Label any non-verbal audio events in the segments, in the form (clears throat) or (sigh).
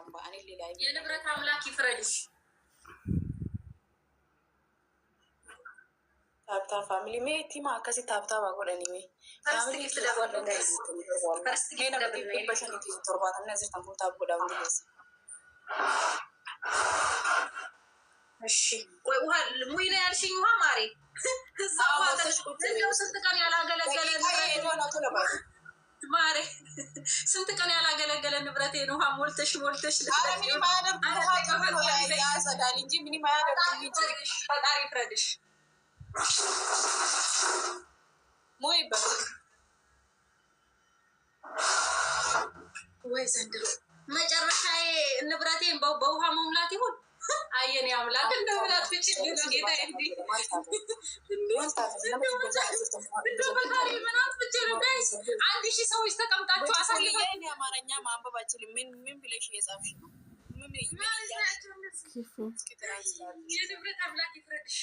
አምባ እኔ ሌላ የንብረት አምላክ ይፍረድሽ። ታብታ ፋሚሊ ሜ ቲማ ከሲ ታብታ ባጎደኒ ሜ ቶርባት እነዚህ ተንቦታ ጎዳ እሺ ወይ ውሃ ሙይ ነው ያልሽኝ? ውሃ ማሬ እዛ ውሃ ስንት ቀን ያላገለገለ ማሬ ስንት ቀን ያላገለገለ ንብረቴ ነው። ውሃ ሞልተሽ ሞልተሽ ያጸዳል እንጂ ምንም አያደርግም። ፈጣሪ ፍረድሽ። ሞይ ወይ ዘንድሮ መጨረሻዬ ንብረቴን በውሃ መሙላት ይሁን። አየኔ አምላክ እንደምን አትፍጭልኝ ነው ጌታ እንዲ እንደው በካሪ ምን አትፍጭ ጋይስ፣ አንድ ሺህ ሰዎች ተቀምጣችሁ አሳየ። አማርኛ ማንበብ አችልም። ምን ምን ብለሽ እየጻፍሽ ነው? የንብረት አምላክ ይፍረድሽ።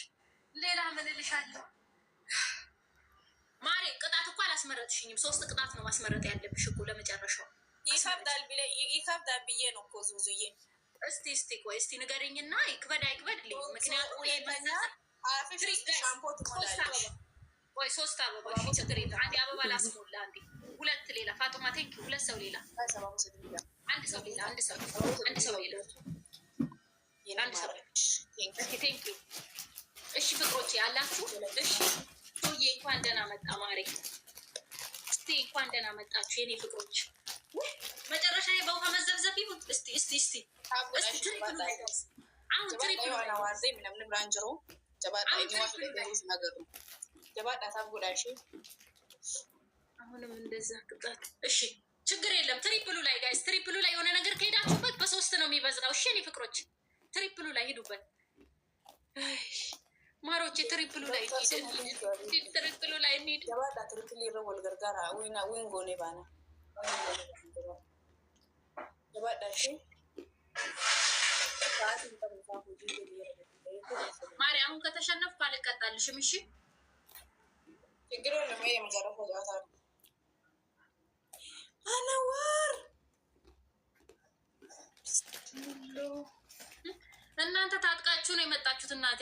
ሌላ ምን እልሻለሁ? ማሬ ቅጣት እኮ አላስመረጥሽኝም። ሶስት ቅጣት ነው ማስመረጥ ያለብሽ እኮ ለመጨረሻው። ይከብዳል ብዬ ነው እኮ ዙዙዬ እስቲ እስቲ ቆይ እስቲ ንገርኝና ይክበድ አይክበድልኝ። ምክንያቱም ወይ ሶስት አበባ ችግር የለም። አንዴ አበባ ላስሞላ፣ አንዴ ሁለት ሌላ ፋጡማ ቴንኪ፣ ሁለት ሰው ሌላ፣ አንድ ሰው ሌላ፣ አንድ ሰው አንድ ሰው ሌላ፣ አንድ ሰው ቴንኪ። እሺ ፍቅሮቼ ያላችሁ እሺ፣ ሶዬ እንኳን ደህና መጣ ማሬ፣ እስቲ እንኳን ደህና መጣችሁ የኔ ፍቅሮች። መጨረሻ በውሃ መዘብዘብ ይሁን። እስቲ እስቲ እስቲ አሁንም እንደዛ ቅጣት። እሺ ችግር የለም። ትሪፕሉ ላይ ጋይስ፣ ትሪፕሉ ላይ የሆነ ነገር ከሄዳችሁበት በሶስት ነው የሚበዛው። እሺ እኔ ፍቅሮች ትሪፕሉ ላይ ሂዱበት ማሮች ትሪፕሉ ላይ ትሪፕሉ ላይ እንሂድ። ማርያም ከተሸነፍኩ አልቀጣልሽም። እሺ ችግሩን የመጨረሻ አነዋር እናንተ ታጥቃችሁ ነው የመጣችሁት። እናቴ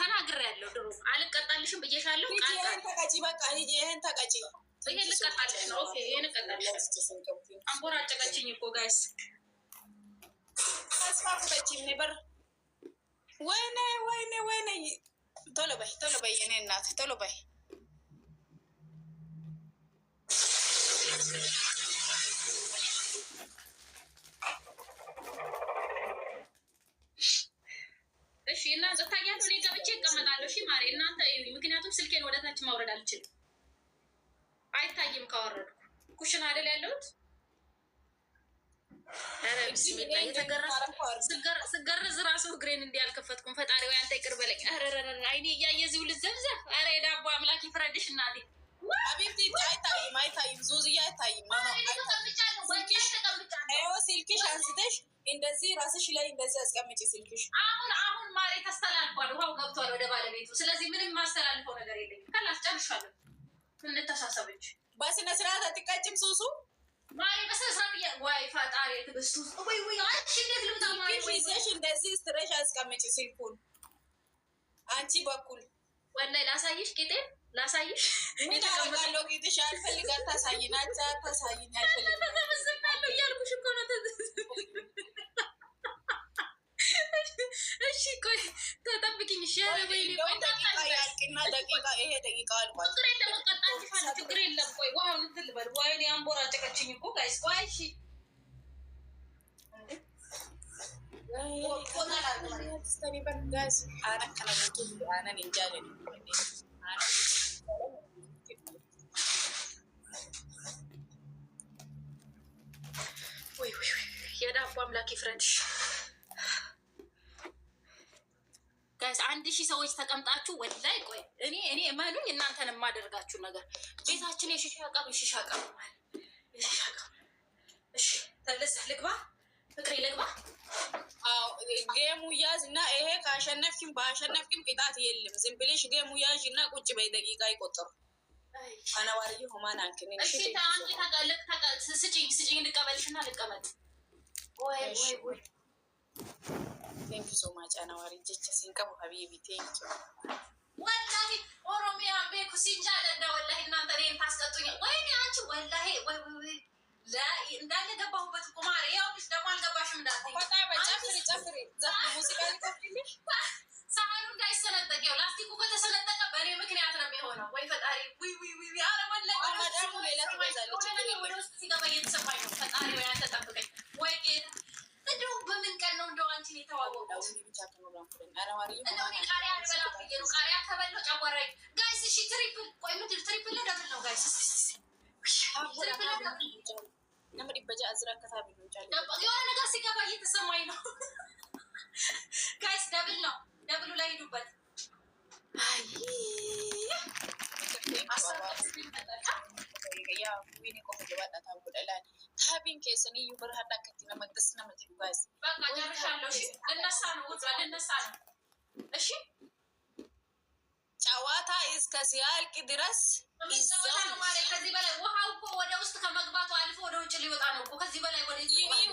ተናግሬያለሁ፣ ድሮ አልቀጣልሽም ብዬሻለሁ። ይህን ተቀጪ፣ በቃ ይህን ተቀጪ ይሄ ልቀጣልሽ ነው። ኦኬ እኮ ጋይስ አስፋፍተችኝ ነበር። ወይኔ ወይኔ ወይኔ! ቶሎ በይ ቶሎ በይ የኔ እናት ቶሎ በይ። እሺ እና ጸታያቱ እኔ ገብቼ እቀመጣለሁ። እሺ ማሬ እናንተ፣ ምክንያቱም ስልኬን ወደታች ማውረድ አልችልም። አይታይም ካወረድኩ ኩሽን አይደል ያለሁት ስገርዝ ራሱ እግሬን እንዲህ አልከፈትኩም። ፈጣሪ ወይ አንተ ይቅር በለኝ። አይኔ እያየ እዚሁ ልዘብዘብ። ኧረ የዳቦ አምላክ ይፍረድሽ እናቴ። አይታይም አይታይም፣ ዙዝዬ አይታይም። ስልክሽ አንስተሽ እንደዚህ ራስሽ ላይ እንደዚህ አስቀምጪ ስልክሽ። አሁን አሁን ማሬ ተስተላልፏል፣ ውሃው ገብቷል ወደ ባለቤቱ። ስለዚህ ምንም ማስተላልፈው ነገር የለኝም። ከላስ ጨርሻለሁ እንተሳሰበች በስነ ስርዓት አትቀጭም። ሱሱ እንደዚህ ስትረሽ አስቀምጪ ስልኩን አንቺ በኩል ወላሂ ላሳይሽ ጌጤ ላሳይሽ ምን አደርጋለሁ? ጌጤሽ አልፈልጋት ታሳይናት ታሳይኝ አልፈልግም እሺ ቆይ ተጠብቂኝ። እሺ ችግር የለም። ቆይ ውሃውን እንትን ልበል። ወይኔ አንቦራጨቀችኝ እኮ ጋይስ። ቆይ እሺ የዳቦ አምላክ ይፍረድሽ። አንድ ሺህ ሰዎች ተቀምጣችሁ ወደ ላይ ቆይ እኔ እኔ መሉኝ እናንተን የማደርጋችሁ ነገር ቤታችን የሺሻ ቀም የሺሻ ቀም የሺሻ ቀም እሺ ተለስ ልግባ ፍቅሬ ልግባ ጌሙ ያዝ እና ይሄ ከአሸነፍኪም በአሸነፍኪም ቅጣት የለም ዝም ብለሽ ጌሙ ያዥ እና ቁጭ በይ ደቂቃ ይቆጥሩ። አነባርዬ ሆማን አንክን ስጭኝ ስጭኝ ልቀበልሽ እና ልቀመጥ ወይ ወይ ወይ ቴንክ ሶ ማች አናዋሪ ጀች ሲንቀቡ ሀቢቢ ቴንክ ወላሂ ኦሮሚያ ቤኩ ሲንጃለና ወላሂ እናንተ እኔን ታስቀጡኝ። ወይኔ አንቺ ወላሂ እንዳለ ገባሁበት እኮ ማርያም። ያው ልጅ ደግሞ አልገባሽም እንዳትዪ። ጨፍሪ ጨፍሪ፣ ሙዚቃ ሊከፍልሽ ሳህኑ እንዳይሰነጠቅ። ያው ላስቲኩ ከተሰነጠቀ በእኔ ምክንያት ነው የሚሆነው። ወይ ፈጣሪ! ወይ ወይ ወይ! ኧረ ወላሂ ወደ ውስጥ ሲገባ እየተሰማኝ ነው ittiin qofti badhaatan godhalaan taabiin keessanii iyyuu bara hadhaa akkatti nama gas nama jiru baasi. Bakka jarrishaalloo shi ልነሳ ነው ጉዷ ልነሳ ነው እሺ ጨዋታ እስከ ሲያልቅ ድረስ ከዚህ በላይ ውሃ እኮ ወደ ውስጥ ከመግባቱ አልፎ ወደ ውጭ ሊወጣ ነው እኮ። ከዚህ በላይ ወደ እንዴ ለምንድን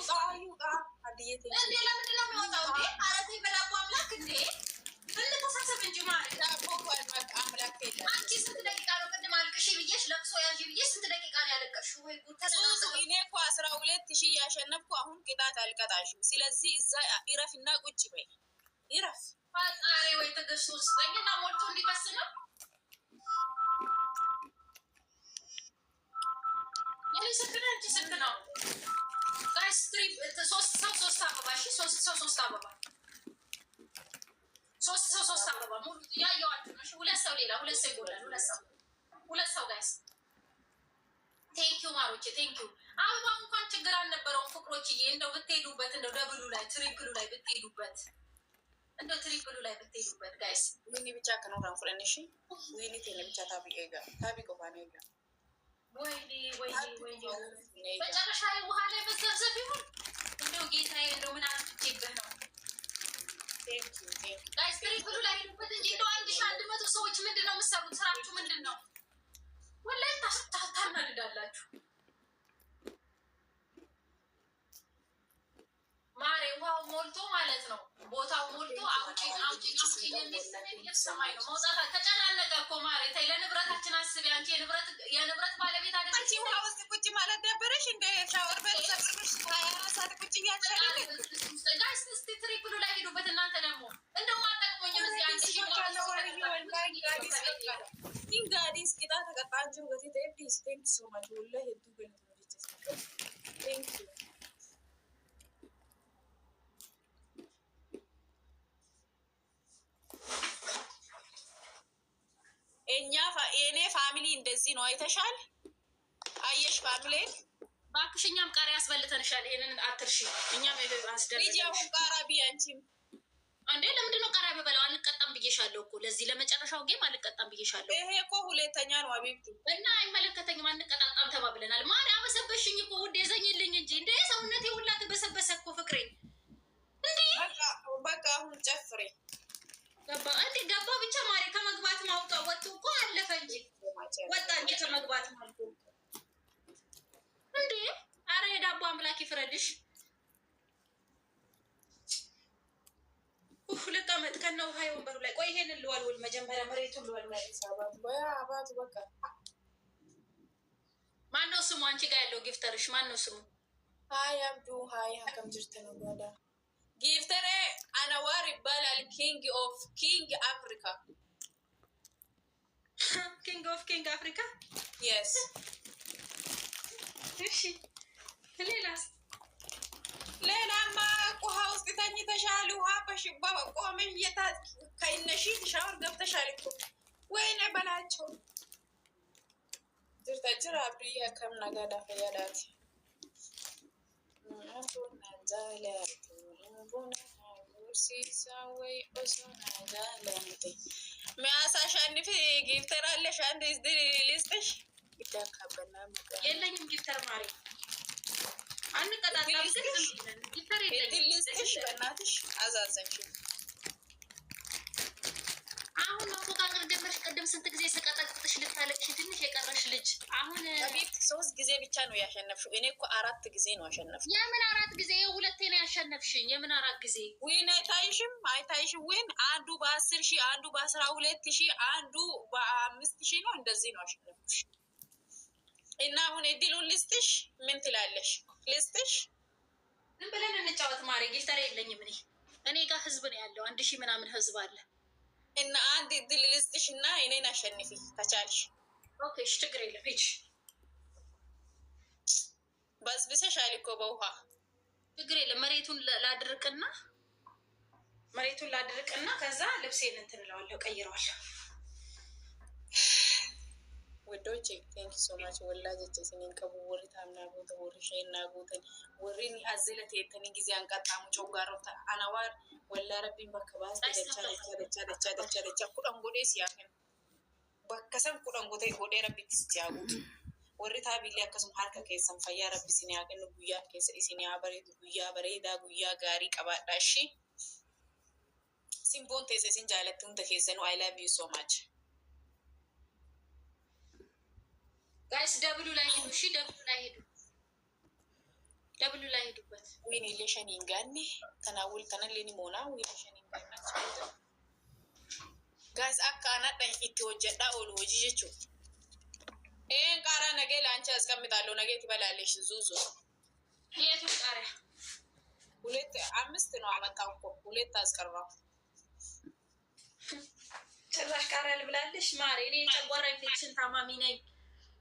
ነው የሚወጣው? እንዴ አረቴ በዳቦ አምላክ እንዴ ብንተሳሰብ እንጂ ማለት ዳቦ አምላክ የለም። አንቺ ስንት ደቂቃ ነው ቅድም ዙዙ እኔ እኮ አስራ ሁለት ሺህ እያሸነፍኩ አሁን ቅጣት አልቀጣሽም። ስለዚህ እዛ ይረፍ እና ቁጭ በይ ይረፍ። ፋጣሪ ወይ ተገሱ ስጠኝና ሞልቶ እንዲፈስ ነው ስክነ እንጂ ስክ ነው ጋይስ ትሪፕ ሶስት ሰው ሶስት አበባ እሺ፣ ሶስት ሰው ሶስት አበባ ሶስት ሰው ሶስት አበባ ሙሉ ያየዋቸው ነው። ሁለት ሰው ሌላ ሁለት ሰው ይጎዳል። ሁለት ሰው ሁለት ሰው ጋይስ ማሮች ቴንኪዩ። አበባ እንኳን ችግር አልነበረውም። ፍቅሮችዬ እንደው ብትሄዱበት እንደው ደብሉ ላይ ትሪፕሉ ላይ ብትሄዱበት እንደው ትሪፕሉ ላይ ብትሄዱበት ጋይስ ዊኒ ብቻ ከኖራን ፍረንሽ ዊኒ ቴነ ብቻ ታቢ ጋ ታቢ ቆፋ ነው ጋ ወይኔ ወይኔ መጨረሻ ላይ ውሃ ላይ መዘብዘብ ይሁን እንደው ጌታ እንደው ምን አርፍቼብህ ነው ጋይስ ትሪፕሉ ላይ ሄዱበት እንጂ እንደው አንድ ሺ አንድ መቶ ሰዎች ምንድን ነው የምትሰሩት? ስራችሁ ምንድን ነው? ወላይ ወላሂ ታስታታናልዳላችሁ ሞልቶ ማለት ነው። ቦታው ሞልቶ አውጪኝ አውጪኝ አውጪኝ የሚል ስሜት እየተሰማኝ ነው። መውጣት ተጨናነቀ እኮ ማለት ለንብረታችን አስቢ አንቺ የንብረት ባለቤት ውስጥ ቁጭ ማለት ነበረሽ እንደ ሻወር በሰብሽ ሀያራሳት ቁጭ እያቸጋስ ትሪፕሉ ላይ ሄዱበት እናንተ ደግሞ እንደውም አጠቅሞኝም እዚህ አንቺ ጋዲስ የእኔ ፋሚሊ እንደዚህ ነው። አይተሻል፣ አየሽ ፋሚሊ እባክሽ እኛም ቃሪ ያስበልተንሻል። ይሄንን አትርሺ። እኛም አሁን ቃራቢ አንቺም እንዴ ለምንድን ነው ቃሪያ በበላው? አልቀጣም ብዬሻለሁ እኮ ለዚህ ለመጨረሻው ጌም አልቀጣም ብዬሻለሁ። ይሄ እኮ ሁለተኛ ነው አቤቱ እና አይመለከተኝም። አንቀጣጣም ተባብለናል። ማሪ አበሰበሽኝ እኮ ውድ የዘኝልኝ እንጂ እንደ ሰውነት ሁላ ተበሰበሰ እኮ ፍቅሬ። እንዴ በቃ አሁን ጨፍሬ ገባ ገባ ብቻ ማሪ ከመግባት ማውጣ ወጡ እኮ አለፈ እንጂ ወጣ እንጂ ከመግባት እንዴ! አረ የዳቦ አምላክ ይፍረድሽ። ኡፍ ልቀመጥ ከነ ውሃ የወንበሩ ላይ ቆይ፣ ይሄንን ልወልውል መጀመሪያ፣ መሬቱን ልወልውል። ማነው ስሙ? አንቺ ጋር ያለው ጊፍተርሽ ማነው ስሙ? ሀይ አብዱ ሀይ ሀከም ጅርት ነው ጊፍተሬ አነዋር ይባላል። ኪንግ ኦፍ ኪንግ አፍሪካ ኪንግ ኦፍ ኪንግ አፍሪካ የስ። እሺ ሌላስ? ሌላማ ውሃ ውስጥ ተኝተሻል። ውሃ በሽባ ቆመሽ እየታ ከይነሺ ሻወር ገብተሻል እኮ ወይኔ በላቸው ጅርተጅር አብርዬ ከምናጋዳፈ ያላት የሚያሳሻንፍ ጊፍተር አለሽ? አንድ ልስጥሽ። የለኝም ጊፍተር ማለት አንቀጣጣም። ጊፍተር የለኝም። ልስጥሽ በእናትሽ አዛዘንሽ አሁን መቆጣጠር ጀመርሽ። ቅድም ስንት ጊዜ ስቀጠቅጥሽ ልታለቅሽ ትንሽ የቀረሽ ልጅ አሁን ቤት ሶስት ጊዜ ብቻ ነው ያሸነፍሽው። እኔ እኮ አራት ጊዜ ነው ያሸነፍሽ። የምን አራት ጊዜ? ሁለቴ ነው ያሸነፍሽኝ። የምን አራት ጊዜ? ዊን አይታይሽም? አይታይሽም? ዊን አንዱ በአስር ሺህ አንዱ በአስራ ሁለት ሺህ አንዱ በአምስት ሺህ ነው። እንደዚህ ነው ያሸነፍሽ። እና አሁን እድሉን ልስጥሽ። ምን ትላለሽ? ልስጥሽ? ዝም ብለን እንጫወት ማሪ። ጌልተር የለኝም እኔ እኔ ጋር ህዝብ ነው ያለው። አንድ ሺህ ምናምን ህዝብ አለ እና አንድ ድል ልስጥሽ እና እኔን አሸንፊ ከቻልሽ። ኦኬ እሺ፣ ችግር የለም ሂጂ። በዝብሰሻል እኮ በውሃ ችግር የለም። መሬቱን ላድርቅና መሬቱን ላድርቅና ከዛ ልብሴን እንትን ቀይረዋለሁ። ወዶቼ ቴንክ ሶ ማች ወላጆቼ ስኒን ቀቡ ወሪ ታምና ጎተ ወሪ ሸና ጎተን ወሪን አዝለት የተኒ ጊዜ አንቀጣሙ ጮጋሮ አናዋር ወላ ረቢን በከባስ ደቻ ደቻ ደቻ ደቻ ደቻ ደቻ ኩዳን ጎዴ ሲያከን በከሰን ኩዳን ጎቴ ጎዴ ረቢ ሲያጉት ወሪ ታቢሊ አከሱም ሀርከ ከሰን ፈያ ረቢ ሲኒያገን ጉያ ከሰ ሲኒያ በሬዱ ጉያ በሬዳ ጉያ ጋሪ ቀባዳሺ ሲምቦን ተሰ ሲንጃለት ሁንተ ከሰኑ አይ ላቭ ዩ ሶ ማች ጋይስ ደብሉ ላይ ሄዱ። እሺ ደብሉ ላይ ሄዱ። ደብሉ ላይ ሄዱበት ዊን ሌሽኒን ጋኒ ተናውል ተነሊኒ ሞና ዊን ሌሽኒን ጋይስ አካ አናዳኝ ኢቲ ወጀዳ ኦሉ ወጂ ጀቹ ይህን ቃሪያ ነገ ለአንቺ ያስቀምጣለሁ። ነገ ትበላለሽ። ዙዙ የቱ ቃሪያ? ሁለት አምስት ነው አመጣሁ እኮ ሁለት አስቀራሁ። ጭራሽ ቃሪያ ልብላለሽ ማሬ። እኔ ጨጓራ ኢንፌክሽን ታማሚ ነኝ።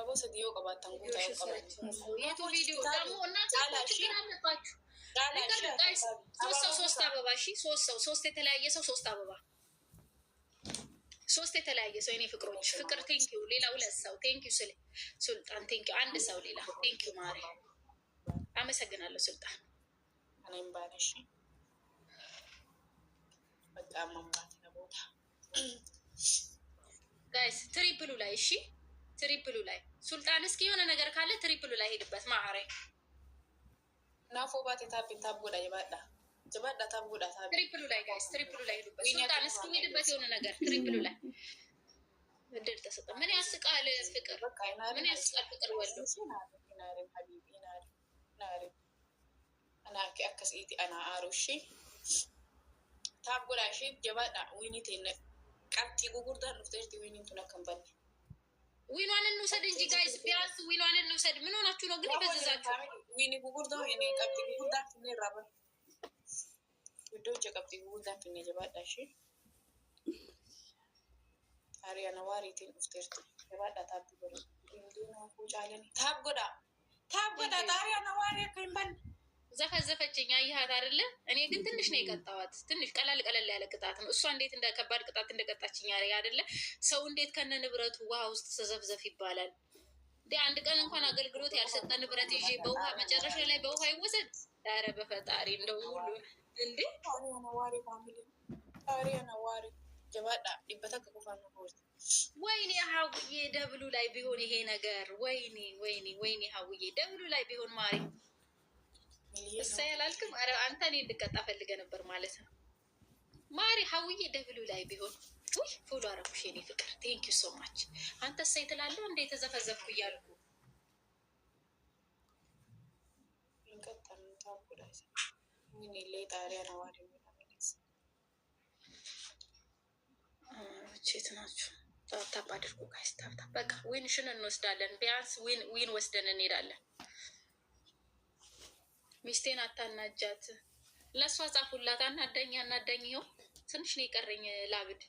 አበባው ሴትዮ ቀባታን ቦታ የተለያየ ሰው ሶስት አበባ ሶስት የተለያየ ሰው የኔ ፍቅሮች ፍቅር ቴንኪው ሌላ ሁለት ሰው ቴንኪው ስል ሱልጣን ቴንኪው አንድ ሰው ሌላ ቴንኪው ማሪ አመሰግናለሁ ሱልጣን እኔም ባለሽ በጣም መምራት ቦታ (clears throat) ጋይስ ትሪፕሉ ላይ እሺ ትሪፕሉ ላይ ሱልጣን እስኪ የሆነ ነገር ካለ ትሪፕሉ ላይ ሄድበት ማዕሬ ናፎ ባቴ ታቢን ታቡዳ ይባዳ ጅባዳ ታቡዳ ትሪፕሉ ላይ ጋይስ ትሪፕሉ ላይ ሄድበት ሱልጣን እስኪ ሄድበት የሆነ ነገር ትሪፕሉ ላይ እድል ተሰጠ። ምን ያስቃል ፍቅር ምን ያስቃል ፍቅር ወሉ ናርኪ አከስኢቲ አና አሩሺ ታቡዳ ሺ ጀባዳ ዊኒቴ ቀብቲ ጉጉርዳን ዱፍተርቲ ዊኒንቱን አከንበኔ ዊኗን እንውሰድ እንጂ ጋይስ፣ ቢያንስ ዊኗን እንውሰድ። ምን ሆናችሁ ነው ግን የበዘዛችሁ? ታብ ጎዳ ታብ ጎዳ ጣሪያ ነዋሪ ከንበን ዘፈዘፈችኝ። አየሃት አይደለ? እኔ ግን ትንሽ ነው የቀጣዋት። ትንሽ ቀላል ቀለል ያለ ቅጣት ነው። እሷ እንዴት እንደ ከባድ ቅጣት እንደቀጣችኝ አይደለ? ሰው እንዴት ከነ ንብረቱ ውሃ ውስጥ ተዘፍዘፍ ይባላል? አንድ ቀን እንኳን አገልግሎት ያልሰጠ ንብረት ይዤ በውሃ መጨረሻ ላይ በውሃ ይወሰድ። ኧረ በፈጣሪ እንደው ሁሉ እንዴ ወይኔ ሀውዬ ደብሉ ላይ ቢሆን ይሄ ነገር ወይኔ ወይኔ ወይኔ ሀውዬ ደብሉ ላይ ቢሆን ማሪ እሷ ያላልክም። ኧረ አንተ እኔ እንድቀጣ ነበር ማለት ነው። ማሪ ሀውዬ ደብሉ ላይ ቢሆን ውይ ፎሎ አረኩሽ የኔ ፍቅር ቴንክ ዩ ሶ ማች። አንተ እሰይ ትላለህ እንደ የተዘፈዘፍኩ እያልኩ ቼት ናችሁ ጋይስ በቃ ዊንሽን እንወስዳለን። ቢያንስ ዊን ወስደን እንሄዳለን። ሚስቴን አታናጃት። ለእሷ ጻፉላት። አናዳኝ አናዳኝ። ይኸው ትንሽ ነው የቀረኝ ላብድ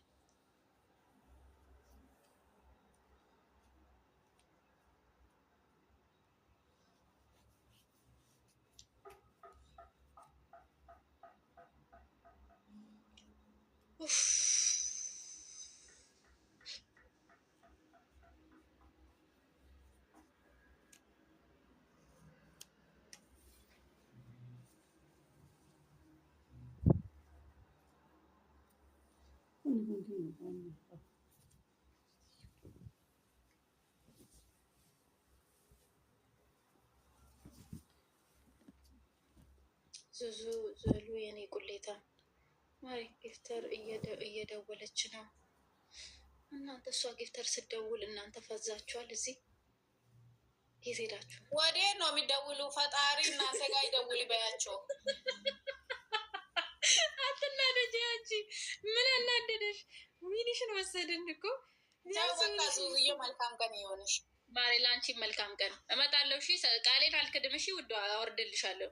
ኡፍ ዙዙ ዘሉ የኔ ቁሌታ ማሪ ጊፍተር እየደወለች ነው። እናንተ እሷ ጊፍተር ስደውል እናንተ ፈዛችኋል። እዚህ የት ሄዳችሁ? ወዴት ነው የሚደውሉ? ፈጣሪ እናንተ ጋር ይደውል ይበያቸው። ተናደጀ። አንቺ ምን አናደደሽ? ሚኒሽን ወሰድን እኮ መልካም ቀን የሆነሽ ማሬ፣ ለአንቺ መልካም ቀን። እመጣለሁ። እሺ፣ ቃሌን አልክድም። ሺ ቃሌን አልክድም ሺ ውዶ አወርድልሻለሁ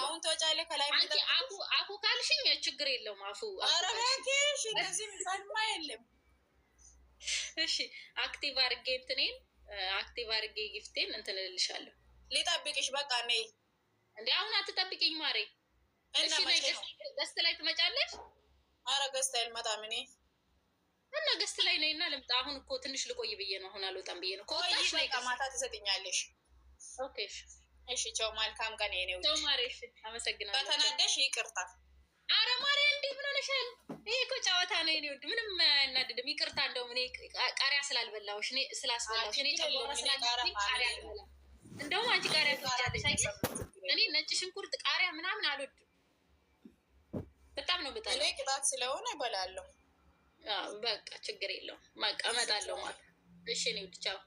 አሁን ተወጫለሁ። ከላይ አፉ አፉ ካልሽኝ ችግር የለውም። አፉ አረሽ እነዚህ ማ የለም። እሺ፣ አክቲቭ አርጌ እንትኔን አክቲቭ አርጌ ጊፍቴን እንትንልልሻለሁ። እልልሻለሁ። ሊጠብቅሽ በቃ ነይ። እንዲ አሁን አትጠብቅኝ ማሬ ገስት ላይ ትመጫለሽ? አረ ገስት ላይ አልመጣም እኔ እና ገስት ላይ ነይና ልምጣ። አሁን እኮ ትንሽ ልቆይ ብዬ ነው። አሁን አልወጣም ብዬ ነው። ከወጣሽ ላይ ማታ ትሰጥኛለሽ። ኦኬ እሺ፣ ቻው። መልካም ቀን የኔ ውድ ማሬ። እሺ፣ አመሰግናለሁ። ከተናደሽ ይቅርታ። አረ ማሬ፣ እንዴ ምን ሆነሻል? ይሄ እኮ ጨዋታ ነው የኔ ውድ፣ ምንም አያናድድም። ይቅርታ። እንደውም እኔ ቃሪያ ስላልበላሁሽ እኔ ስላስበላሁሽ እኔ ጨምሮ ስላልበላሁሽ ቃሪያ አልበላም። እንደውም አንቺ ቃሪያ ትወጫለሽ አይደል? እኔ ነጭ ሽንኩርት፣ ቃሪያ ምናምን አልወድም። በጣም ነው እኔ ቅጣት ስለሆነ እበላለሁ። በቃ ችግር የለውም። እመጣለሁ ማለት እሺ። እኔ ውድ ቻው።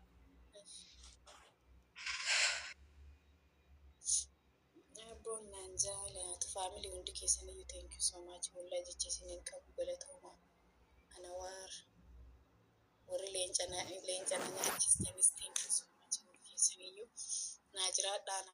ፋሚሊ ወንድ ኬሰን ዩ ቴንክ ዩ ሶማች ወላጅቼ ሲኔን ቀቡ ገለተውማ አነዋር ወሪ ሌንጨና ሌንጨና ቴንክ ዩ ሶማች ወንድ ኬሰን ዩ ናጅራ ዳና